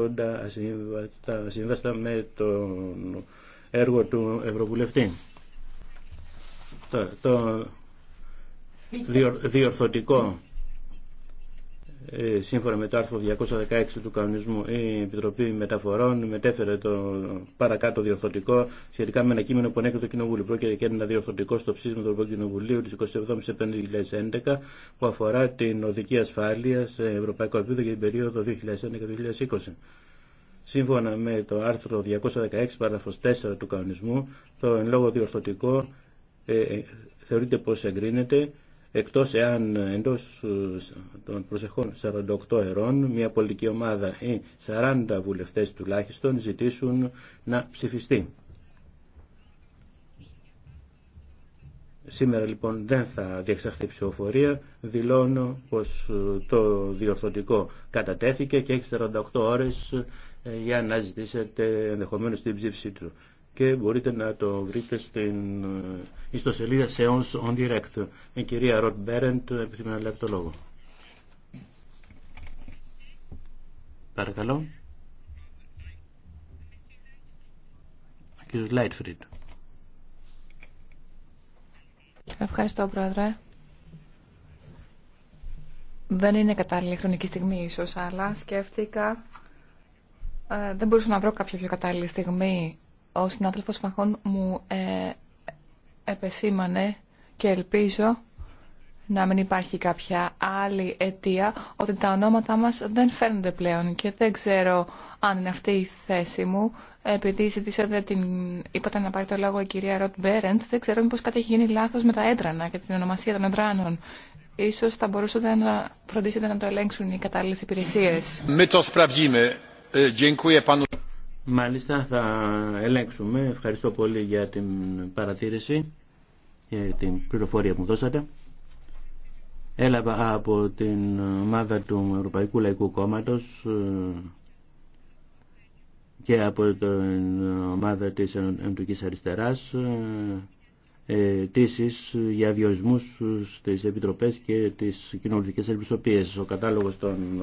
κοντά ασύμβατα, με το έργο του Ευρωβουλευτή. το διορθωτικό ε, σύμφωνα με το άρθρο 216 του κανονισμού η Επιτροπή Μεταφορών μετέφερε το παρακάτω διορθωτικό σχετικά με ένα κείμενο που ανέκρινε το Κοινοβούλιο. Πρόκειται για ένα διορθωτικό στο ψήφισμα του Ευρωπαϊκού Κοινοβουλίου τη 27η Σεπτεμβρίου 2011 που αφορά την οδική ασφάλεια σε ευρωπαϊκό επίπεδο για την περίοδο 2011-2020. Σύμφωνα με το άρθρο 216 παράγραφος 4 του κανονισμού, το εν λόγω διορθωτικό ε, ε θεωρείται πως εγκρίνεται εκτός εάν εντός ε, των προσεχών 48 ερών μια πολιτική ομάδα ή 40 βουλευτές τουλάχιστον ζητήσουν να ψηφιστεί. Σήμερα λοιπόν δεν θα διεξαχθεί ψηφοφορία. Δηλώνω πως ε, το διορθωτικό κατατέθηκε και έχει 48 ώρες ε, για να ζητήσετε ενδεχομένως την ψήφιση του και μπορείτε να το βρείτε στην ε, ιστοσελίδα Seons on Direct. Η κυρία Ροτ Μπέρεντ επιθυμεί να λάβει το λόγο. Παρακαλώ. Κύριος Λάιτφριντ. Ευχαριστώ, Πρόεδρε. Δεν είναι κατάλληλη χρονική στιγμή ίσως, αλλά σκέφτηκα... Ε, δεν μπορούσα να βρω κάποια πιο κατάλληλη στιγμή ο συνάδελφος Φαχών μου ε, επεσήμανε και ελπίζω να μην υπάρχει κάποια άλλη αιτία ότι τα ονόματά μας δεν φαίνονται πλέον και δεν ξέρω αν είναι αυτή η θέση μου επειδή ζητήσατε την... είπατε να πάρει το λόγο η κυρία Ροτ Μπέρεντ δεν ξέρω μήπως κάτι έχει γίνει λάθος με τα έντρανα και την ονομασία των εντράνων Ίσως θα μπορούσατε να φροντίσετε να το ελέγξουν οι κατάλληλες υπηρεσίες Μάλιστα θα ελέγξουμε. Ευχαριστώ πολύ για την παρατήρηση και την πληροφορία που μου δώσατε. Έλαβα από την ομάδα του Ευρωπαϊκού Λαϊκού Κόμματος ε, και από την ομάδα της Ενωτικής Αριστεράς ε, τήσεις για διορισμούς στις επιτροπές και τις κοινωνικές ελπισοπίες. Ο κατάλογος των